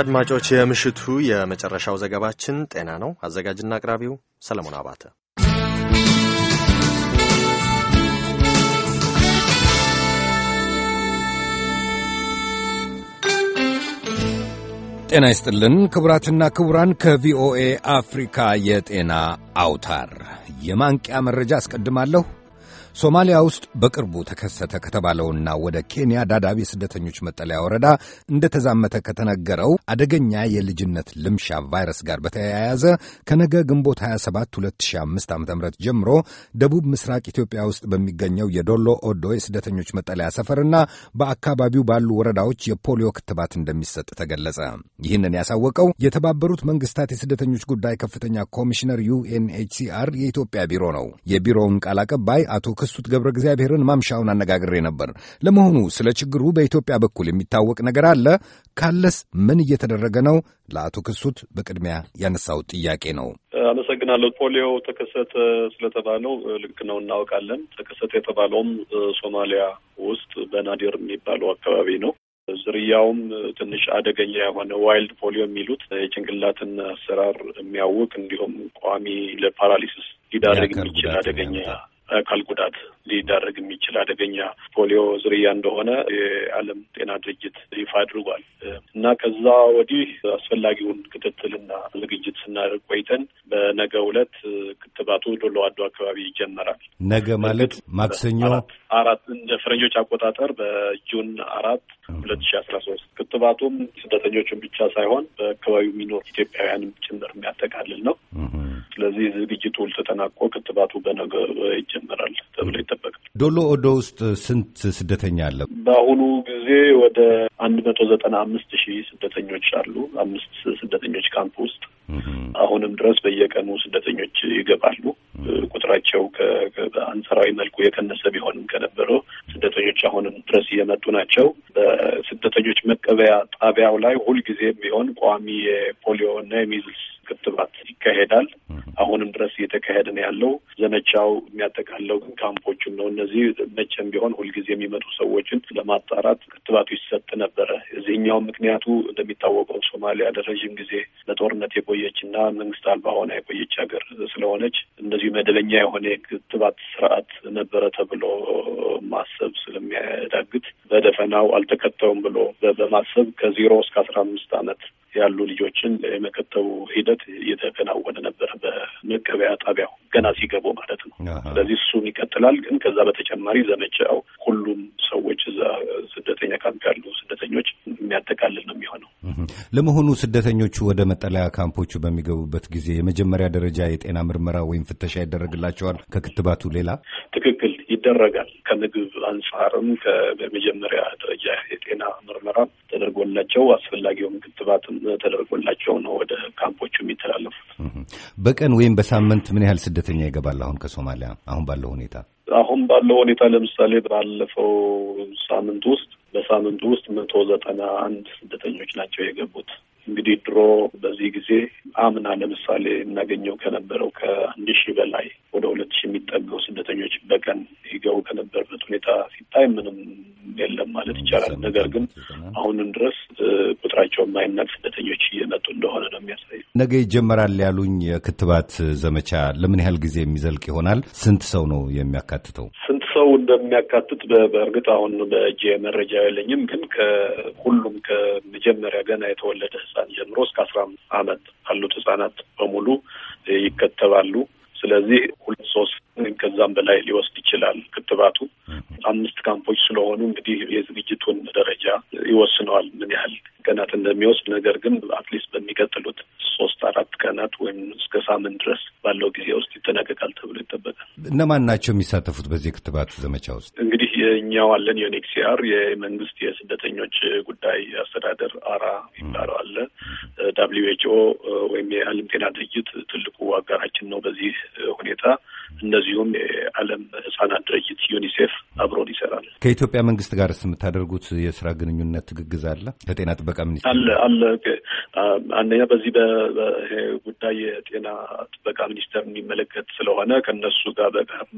አድማጮች፣ የምሽቱ የመጨረሻው ዘገባችን ጤና ነው። አዘጋጅና አቅራቢው ሰለሞን አባተ። ጤና ይስጥልን ክቡራትና ክቡራን፣ ከቪኦኤ አፍሪካ የጤና አውታር የማንቂያ መረጃ አስቀድማለሁ። ሶማሊያ ውስጥ በቅርቡ ተከሰተ ከተባለውና ወደ ኬንያ ዳዳብ የስደተኞች መጠለያ ወረዳ እንደተዛመተ ከተነገረው አደገኛ የልጅነት ልምሻ ቫይረስ ጋር በተያያዘ ከነገ ግንቦት 27 2005 ዓ ም ጀምሮ ደቡብ ምስራቅ ኢትዮጵያ ውስጥ በሚገኘው የዶሎ ኦዶ የስደተኞች መጠለያ ሰፈርና በአካባቢው ባሉ ወረዳዎች የፖሊዮ ክትባት እንደሚሰጥ ተገለጸ። ይህንን ያሳወቀው የተባበሩት መንግስታት የስደተኞች ጉዳይ ከፍተኛ ኮሚሽነር ዩኤንኤችሲአር የኢትዮጵያ ቢሮ ነው። የቢሮውን ቃል አቀባይ አቶ ክሱት ገብረ እግዚአብሔርን ማምሻውን አነጋግሬ ነበር። ለመሆኑ ስለ ችግሩ በኢትዮጵያ በኩል የሚታወቅ ነገር አለ? ካለስ ምን እየተደረገ ነው? ለአቶ ክሱት በቅድሚያ ያነሳው ጥያቄ ነው። አመሰግናለሁ። ፖሊዮ ተከሰተ ስለተባለው ልክ ነው፣ እናውቃለን። ተከሰተ የተባለውም ሶማሊያ ውስጥ በናዲር የሚባለው አካባቢ ነው። ዝርያውም ትንሽ አደገኛ የሆነ ዋይልድ ፖሊዮ የሚሉት የጭንቅላትን አሰራር የሚያውቅ እንዲሁም ቋሚ ለፓራሊሲስ ሊዳረግ የሚችል አደገኛ አካል ጉዳት ሊዳረግ የሚችል አደገኛ ፖሊዮ ዝርያ እንደሆነ የዓለም ጤና ድርጅት ይፋ አድርጓል እና ከዛ ወዲህ አስፈላጊውን ክትትልና ዝግጅት ስናደርግ ቆይተን በነገ ዕለት ክትባቱ ዶሎ አካባቢ ይጀመራል። ነገ ማለት ማክሰኞ አራት እንደ ፈረንጆች አቆጣጠር በጁን አራት ሁለት ሺ አስራ ሶስት ክትባቱም ስደተኞቹን ብቻ ሳይሆን በአካባቢው የሚኖር ኢትዮጵያውያንም ጭምር የሚያጠቃልል ነው። ስለዚህ ዝግጅቱ ተጠናቆ ክትባቱ በነገ ይጀመራል ተብሎ ይጠበቃል። ዶሎ ኦዶ ውስጥ ስንት ስደተኛ አለ? በአሁኑ ጊዜ ወደ አንድ መቶ ዘጠና አምስት ሺህ ስደተኞች አሉ። አምስት ስደተኞች ካምፕ ውስጥ አሁንም ድረስ በየቀኑ ስደተኞች ይገባሉ። ቁጥራቸው በአንጻራዊ መልኩ የቀነሰ ቢሆንም ከነበረው ስደተኞች አሁንም ድረስ እየመጡ ናቸው። በስደተኞች መቀበያ ጣቢያው ላይ ሁልጊዜም ቢሆን ቋሚ የፖሊዮ እና የሚዝልስ ክትባት ይካሄዳል። አሁንም ድረስ እየተካሄደ ነው ያለው። ዘመቻው የሚያጠቃለው ግን ካምፖቹን ነው። እነዚህ መቼም ቢሆን ሁልጊዜ የሚመጡ ሰዎችን ለማጣራት ክትባቱ ይሰጥ ነበረ። እዚህኛውም ምክንያቱ እንደሚታወቀው ሶማሊያ ለረዥም ጊዜ ለጦርነት የቆየች እና መንግስት አልባ ሆና የቆየች ሀገር ስለሆነች እንደዚሁ መደበኛ የሆነ ክትባት ስርዓት ነበረ ተብሎ ማሰብ ገንዘብ ስለሚያዳግት በደፈናው አልተከተውም ብሎ በማሰብ ከዜሮ እስከ አስራ አምስት አመት ያሉ ልጆችን የመከተቡ ሂደት እየተከናወነ ነበረ በመቀበያ ጣቢያው ገና ሲገቡ ማለት ነው። ስለዚህ እሱም ይቀጥላል። ግን ከዛ በተጨማሪ ዘመቻው ሁሉም ሰዎች እዛ ስደተኛ ካምፕ ያሉ ስደተኞች የሚያጠቃልል ነው የሚሆነው። ለመሆኑ ስደተኞቹ ወደ መጠለያ ካምፖቹ በሚገቡበት ጊዜ የመጀመሪያ ደረጃ የጤና ምርመራ ወይም ፍተሻ ይደረግላቸዋል ከክትባቱ ሌላ? ትክክል። ይደረጋል። ከምግብ አንጻርም በመጀመሪያ ደረጃ የጤና ምርመራ ተደርጎላቸው አስፈላጊውም ክትባትም ተደርጎላቸው ነው ወደ ካምፖቹ የሚተላለፉት። በቀን ወይም በሳምንት ምን ያህል ስደተኛ ይገባል? አሁን ከሶማሊያ አሁን ባለው ሁኔታ አሁን ባለው ሁኔታ ለምሳሌ ባለፈው ሳምንት ውስጥ በሳምንቱ ውስጥ መቶ ዘጠና አንድ ስደተኞች ናቸው የገቡት። እንግዲህ ድሮ በዚህ ጊዜ አምና ለምሳሌ እናገኘው ከነበረው ከአንድ ሺህ በላይ ወደ ሁለት ሺህ የሚጠገው ስደተኞች በቀን ሲገቡ ከነበረበት ሁኔታ ሲታይ ምንም የለም ማለት ይቻላል። ነገር ግን አሁንም ድረስ ቁጥራቸው የማይናቅ ስደተኞች እየመጡ እንደሆነ ነው የሚያሳይ። ነገ ይጀመራል ያሉኝ የክትባት ዘመቻ ለምን ያህል ጊዜ የሚዘልቅ ይሆናል? ስንት ሰው ነው የሚያካትተው? ስንት ሰው እንደሚያካትት በእርግጥ አሁን በእጅ መረጃ የለኝም። ግን ከሁሉም ከመጀመሪያ ገና የተወለደ ህፃን ጀምሮ እስከ አስራ አምስት ዓመት ካሉት ህጻናት በሙሉ ይከተባሉ። ስለዚህ ሁለት ሶስት ወይም ከዛም በላይ ሊወስድ ይችላል። ክትባቱ አምስት ካምፖች ስለሆኑ እንግዲህ የዝግጅቱን ደረጃ ይወስነዋል ምን ያህል ቀናት እንደሚወስድ። ነገር ግን አትሊስት በሚቀጥሉት ሶስት አራት ቀናት ወይም እስከ ሳምንት ድረስ ባለው ጊዜ ውስጥ ይጠናቀቃል ተብሎ ይጠበቃል። እነማን ናቸው የሚሳተፉት በዚህ ክትባት ዘመቻ ውስጥ? የእኛው አለን የዩኤንኤችሲአር የመንግስት የስደተኞች ጉዳይ አስተዳደር አራ የሚባለው አለ። ዳብሊው ኤችኦ ወይም የዓለም ጤና ድርጅት ትልቁ አጋራችን ነው በዚህ ሁኔታ። እንደዚሁም የዓለም ህጻናት ድርጅት ዩኒሴፍ አብሮን ይሰራል። ከኢትዮጵያ መንግስት ጋር የምታደርጉት የስራ ግንኙነት ትግግዝ አለ? ከጤና ጥበቃ ሚኒስቴር አለ አለ። አንደኛ በዚህ ጉዳይ የጤና ጥበቃ ሚኒስቴር የሚመለከት ስለሆነ ከነሱ ጋር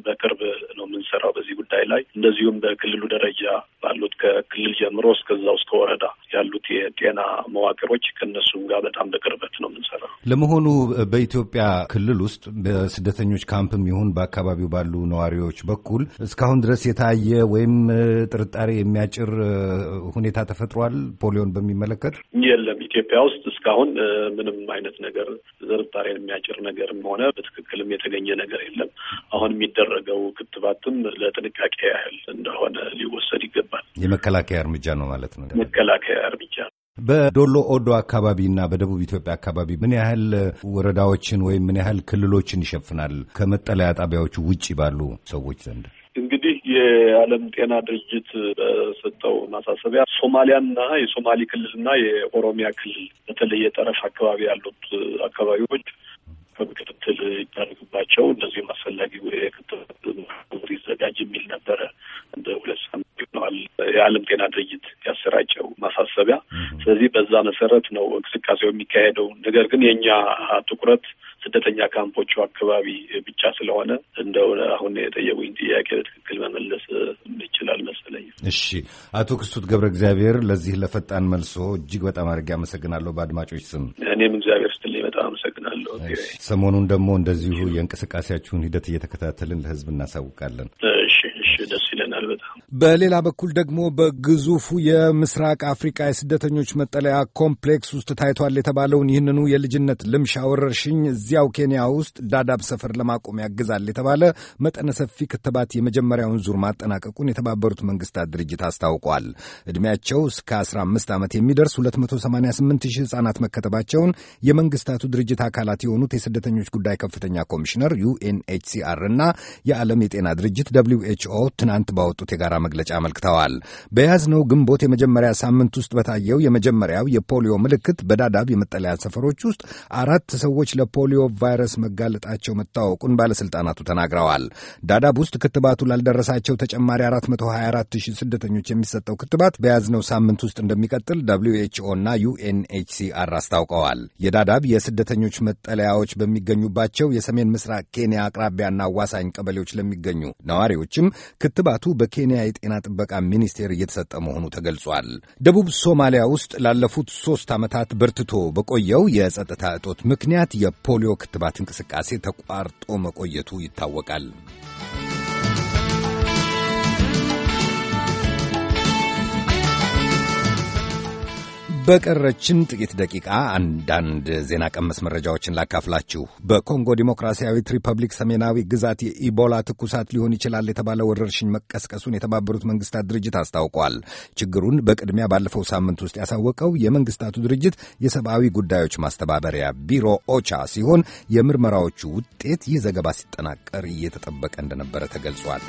በቅርብ ነው የምንሰራው በዚህ ጉዳይ ላይ እንደዚሁም በክልሉ ደረጃ ባሉት ከክልል ጀምሮ እስከዛ እስከ ወረዳ የጤና መዋቅሮች ከነሱ ጋር በጣም በቅርበት ነው የምንሰራው። ለመሆኑ በኢትዮጵያ ክልል ውስጥ በስደተኞች ካምፕም ይሁን በአካባቢው ባሉ ነዋሪዎች በኩል እስካሁን ድረስ የታየ ወይም ጥርጣሬ የሚያጭር ሁኔታ ተፈጥሯል? ፖሊዮን በሚመለከት የለም። ኢትዮጵያ ውስጥ እስካሁን ምንም አይነት ነገር ጥርጣሬ የሚያጭር ነገርም ሆነ በትክክልም የተገኘ ነገር የለም። አሁን የሚደረገው ክትባትም ለጥንቃቄ ያህል እንደሆነ ሊወሰድ ይገባል። የመከላከያ እርምጃ ነው ማለት ነው። መከላከያ በዶሎ ኦዶ አካባቢ እና በደቡብ ኢትዮጵያ አካባቢ ምን ያህል ወረዳዎችን ወይም ምን ያህል ክልሎችን ይሸፍናል? ከመጠለያ ጣቢያዎቹ ውጭ ባሉ ሰዎች ዘንድ እንግዲህ የዓለም ጤና ድርጅት በሰጠው ማሳሰቢያ ሶማሊያና የሶማሌ ክልልና የኦሮሚያ ክልል በተለይ የጠረፍ አካባቢ ያሉት አካባቢዎች ክትትል ይደረግባቸው እንደዚህም አስፈላጊ ክትትል ይዘጋጅ የሚል ነበረ እንደ ሁለት ሳምንት ብለዋል የዓለም ጤና ድርጅት ያሰራጨው ማሳሰቢያ። ስለዚህ በዛ መሰረት ነው እንቅስቃሴው የሚካሄደው። ነገር ግን የእኛ ትኩረት ስደተኛ ካምፖቹ አካባቢ ብቻ ስለሆነ እንደሆነ አሁን የጠየቁኝ ጥያቄ በትክክል መመለስ ይችላል መሰለኝ። እሺ፣ አቶ ክሱት ገብረ እግዚአብሔር ለዚህ ለፈጣን መልሶ እጅግ በጣም አድርጌ አመሰግናለሁ በአድማጮች ስም። እኔም እግዚአብሔር ስትልኝ በጣም አመሰግናለሁ። ሰሞኑን ደግሞ እንደዚሁ የእንቅስቃሴያችሁን ሂደት እየተከታተልን ለህዝብ እናሳውቃለን። ደስ ይለናል በጣም። በሌላ በኩል ደግሞ በግዙፉ የምስራቅ አፍሪቃ የስደተኞች መጠለያ ኮምፕሌክስ ውስጥ ታይቷል የተባለውን ይህንኑ የልጅነት ልምሻ ወረርሽኝ እዚያው ኬንያ ውስጥ ዳዳብ ሰፈር ለማቆም ያግዛል የተባለ መጠነ ሰፊ ክትባት የመጀመሪያውን ዙር ማጠናቀቁን የተባበሩት መንግስታት ድርጅት አስታውቋል። እድሜያቸው እስከ 15 ዓመት የሚደርስ 288 ሺህ ህጻናት መከተባቸውን የመንግስታቱ ድርጅት አካላት የሆኑት የስደተኞች ጉዳይ ከፍተኛ ኮሚሽነር ዩኤንኤችሲአር እና የዓለም የጤና ድርጅት ደብሊው ኤችኦ ትናንት ባወጡት የጋራ መግለጫ አመልክተዋል። በያዝነው ግንቦት የመጀመሪያ ሳምንት ውስጥ በታየው የመጀመሪያው የፖሊዮ ምልክት በዳዳብ የመጠለያ ሰፈሮች ውስጥ አራት ሰዎች ለፖሊዮ ቫይረስ መጋለጣቸው መታወቁን ባለሥልጣናቱ ተናግረዋል። ዳዳብ ውስጥ ክትባቱ ላልደረሳቸው ተጨማሪ 424 ሺህ ስደተኞች የሚሰጠው ክትባት በያዝነው ሳምንት ውስጥ እንደሚቀጥል ደብሊው ኤች ኦ እና ዩኤንኤችሲአር አስታውቀዋል። የዳዳብ የስደተኞች መጠለያዎች በሚገኙባቸው የሰሜን ምስራቅ ኬንያ አቅራቢያና አዋሳኝ ቀበሌዎች ለሚገኙ ነዋሪዎችም ክትባቱ በኬንያ የጤና ጥበቃ ሚኒስቴር እየተሰጠ መሆኑ ተገልጿል። ደቡብ ሶማሊያ ውስጥ ላለፉት ሦስት ዓመታት በርትቶ በቆየው የጸጥታ እጦት ምክንያት የፖሊዮ ክትባት እንቅስቃሴ ተቋርጦ መቆየቱ ይታወቃል። በቀረችን ጥቂት ደቂቃ አንዳንድ ዜና ቀመስ መረጃዎችን ላካፍላችሁ። በኮንጎ ዲሞክራሲያዊት ሪፐብሊክ ሰሜናዊ ግዛት የኢቦላ ትኩሳት ሊሆን ይችላል የተባለ ወረርሽኝ መቀስቀሱን የተባበሩት መንግስታት ድርጅት አስታውቋል። ችግሩን በቅድሚያ ባለፈው ሳምንት ውስጥ ያሳወቀው የመንግስታቱ ድርጅት የሰብአዊ ጉዳዮች ማስተባበሪያ ቢሮ ኦቻ ሲሆን የምርመራዎቹ ውጤት ይህ ዘገባ ሲጠናቀር እየተጠበቀ እንደነበረ ተገልጿል።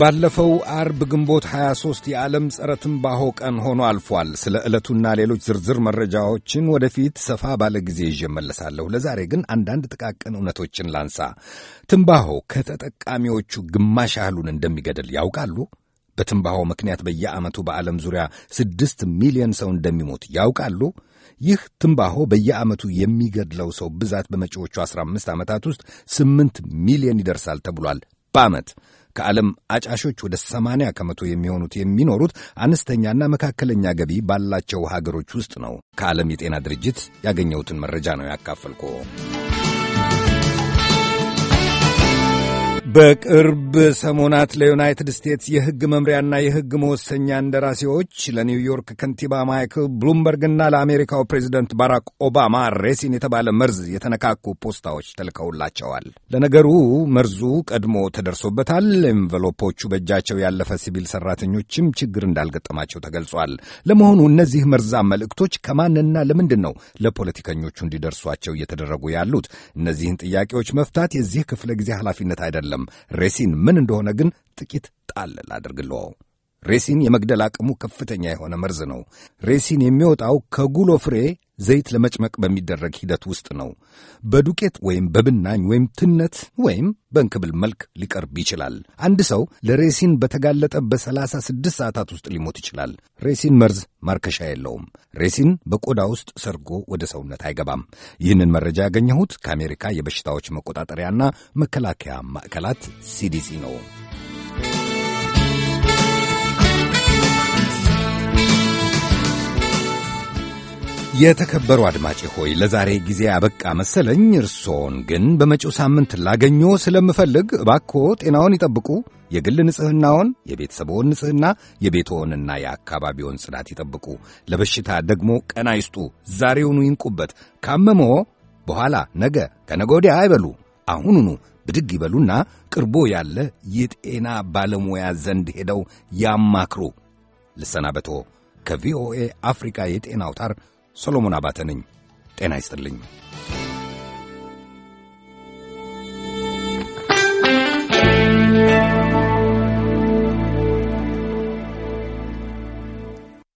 ባለፈው አርብ ግንቦት 23 የዓለም ጸረ ትንባሆ ቀን ሆኖ አልፏል። ስለ ዕለቱና ሌሎች ዝርዝር መረጃዎችን ወደፊት ሰፋ ባለ ጊዜ ይዤ እመለሳለሁ። ለዛሬ ግን አንዳንድ ጥቃቅን እውነቶችን ላንሳ። ትንባሆ ከተጠቃሚዎቹ ግማሽ ያህሉን እንደሚገድል ያውቃሉ? በትንባሆ ምክንያት በየዓመቱ በዓለም ዙሪያ ስድስት ሚሊዮን ሰው እንደሚሞት ያውቃሉ? ይህ ትንባሆ በየዓመቱ የሚገድለው ሰው ብዛት በመጪዎቹ 15 ዓመታት ውስጥ 8 ሚሊዮን ይደርሳል ተብሏል በዓመት ከዓለም አጫሾች ወደ 80 ከመቶ የሚሆኑት የሚኖሩት አነስተኛና መካከለኛ ገቢ ባላቸው ሀገሮች ውስጥ ነው። ከዓለም የጤና ድርጅት ያገኘሁትን መረጃ ነው ያካፈልኩ። በቅርብ ሰሞናት ለዩናይትድ ስቴትስ የሕግ መምሪያና የሕግ መወሰኛ እንደራሴዎች ለኒውዮርክ ከንቲባ ማይክል ብሉምበርግና ለአሜሪካው ፕሬዚደንት ባራክ ኦባማ ሬሲን የተባለ መርዝ የተነካኩ ፖስታዎች ተልከውላቸዋል። ለነገሩ መርዙ ቀድሞ ተደርሶበታል። ኤንቨሎፖቹ በእጃቸው ያለፈ ሲቪል ሰራተኞችም ችግር እንዳልገጠማቸው ተገልጿል። ለመሆኑ እነዚህ መርዛ መልእክቶች ከማንና ለምንድን ነው ለፖለቲከኞቹ እንዲደርሷቸው እየተደረጉ ያሉት? እነዚህን ጥያቄዎች መፍታት የዚህ ክፍለ ጊዜ ኃላፊነት አይደለም። ሬሲን ምን እንደሆነ ግን ጥቂት ጣልል አድርግለዎ። ሬሲን የመግደል አቅሙ ከፍተኛ የሆነ መርዝ ነው። ሬሲን የሚወጣው ከጉሎ ፍሬ ዘይት ለመጭመቅ በሚደረግ ሂደት ውስጥ ነው። በዱቄት ወይም በብናኝ ወይም ትነት ወይም በእንክብል መልክ ሊቀርብ ይችላል። አንድ ሰው ለሬሲን በተጋለጠ በሰላሳ 36 ሰዓታት ውስጥ ሊሞት ይችላል። ሬሲን መርዝ ማርከሻ የለውም። ሬሲን በቆዳ ውስጥ ሰርጎ ወደ ሰውነት አይገባም። ይህንን መረጃ ያገኘሁት ከአሜሪካ የበሽታዎች መቆጣጠሪያና መከላከያ ማዕከላት ሲዲሲ ነው። የተከበሩ አድማጭ ሆይ ለዛሬ ጊዜ አበቃ መሰለኝ። እርሶን ግን በመጪው ሳምንት ላገኞ ስለምፈልግ እባክዎ ጤናውን ይጠብቁ፣ የግል ንጽሕናውን፣ የቤተሰብዎን ንጽሕና፣ የቤትዎንና የአካባቢውን ጽዳት ይጠብቁ። ለበሽታ ደግሞ ቀና ይስጡ ዛሬውኑ ይንቁበት። ካመመዎ በኋላ ነገ ከነጎዲያ አይበሉ፣ አሁኑኑ ብድግ ይበሉና ቅርቦ ያለ የጤና ባለሙያ ዘንድ ሄደው ያማክሩ። ልሰናበቶ ከቪኦኤ አፍሪካ የጤና አውታር ሰሎሞን አባተ ነኝ። ጤና ይስጥልኝ።